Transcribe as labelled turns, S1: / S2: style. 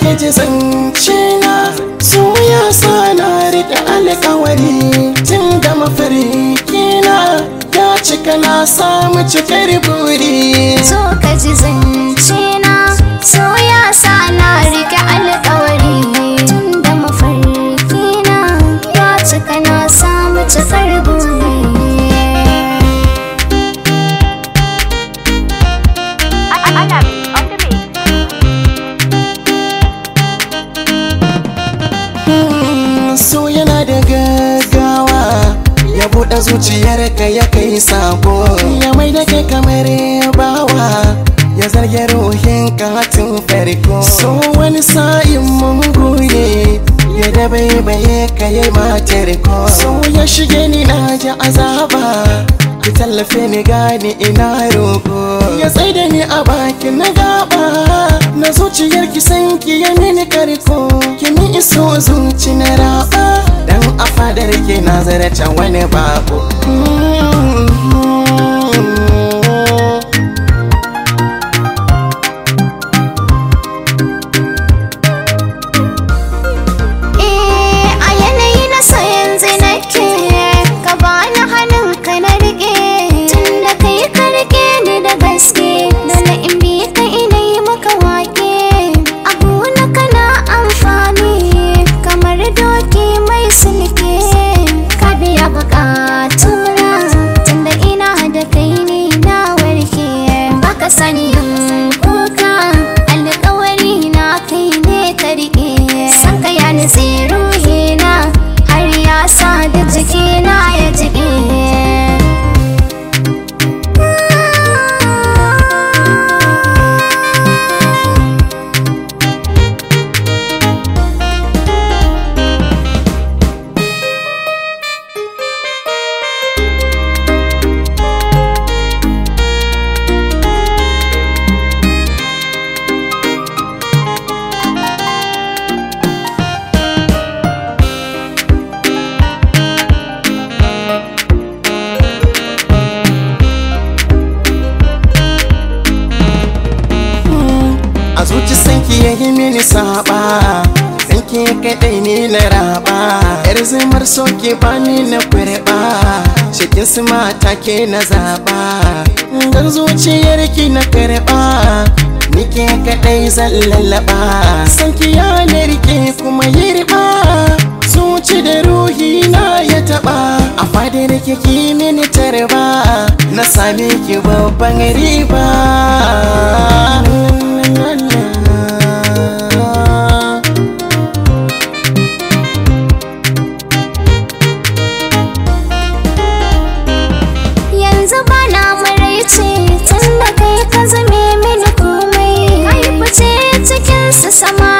S1: ke ji zance na su ya sa na riƙe alƙawari tun da mafarki na ya
S2: cika na samu cikar buri so ka ji zance
S1: so yana da gaggawa ya buɗe zuciyarka ya kai sako ya mai da kai kamar bawa ya zarge ruhin katin farko so wani sa'in mun goye ya da baibaye ka yi matar ko so ya shige ni na ji azaba ki tallafe ni gane ina roko. ya tsaida ni a bakin na gaba na zuciyar ki san ki ya mini karko ki mi iso zuci ke nazarecin wani babu. Mm. ya yi mini saba dan ke kaɗai ne na raba yar zumar so ba ni na kurɓa cikin su mata ke na zaɓa dan zuciyar ki na karɓa nike kaɗai zan lallaba sanki yanar ke kuma yi zuci da ruhi na ya taɓa a fadar ki mini tarba na sami ki babban riba
S2: yanzu ba na ce tun da kai ka zame mini komai ai fice cikin su sama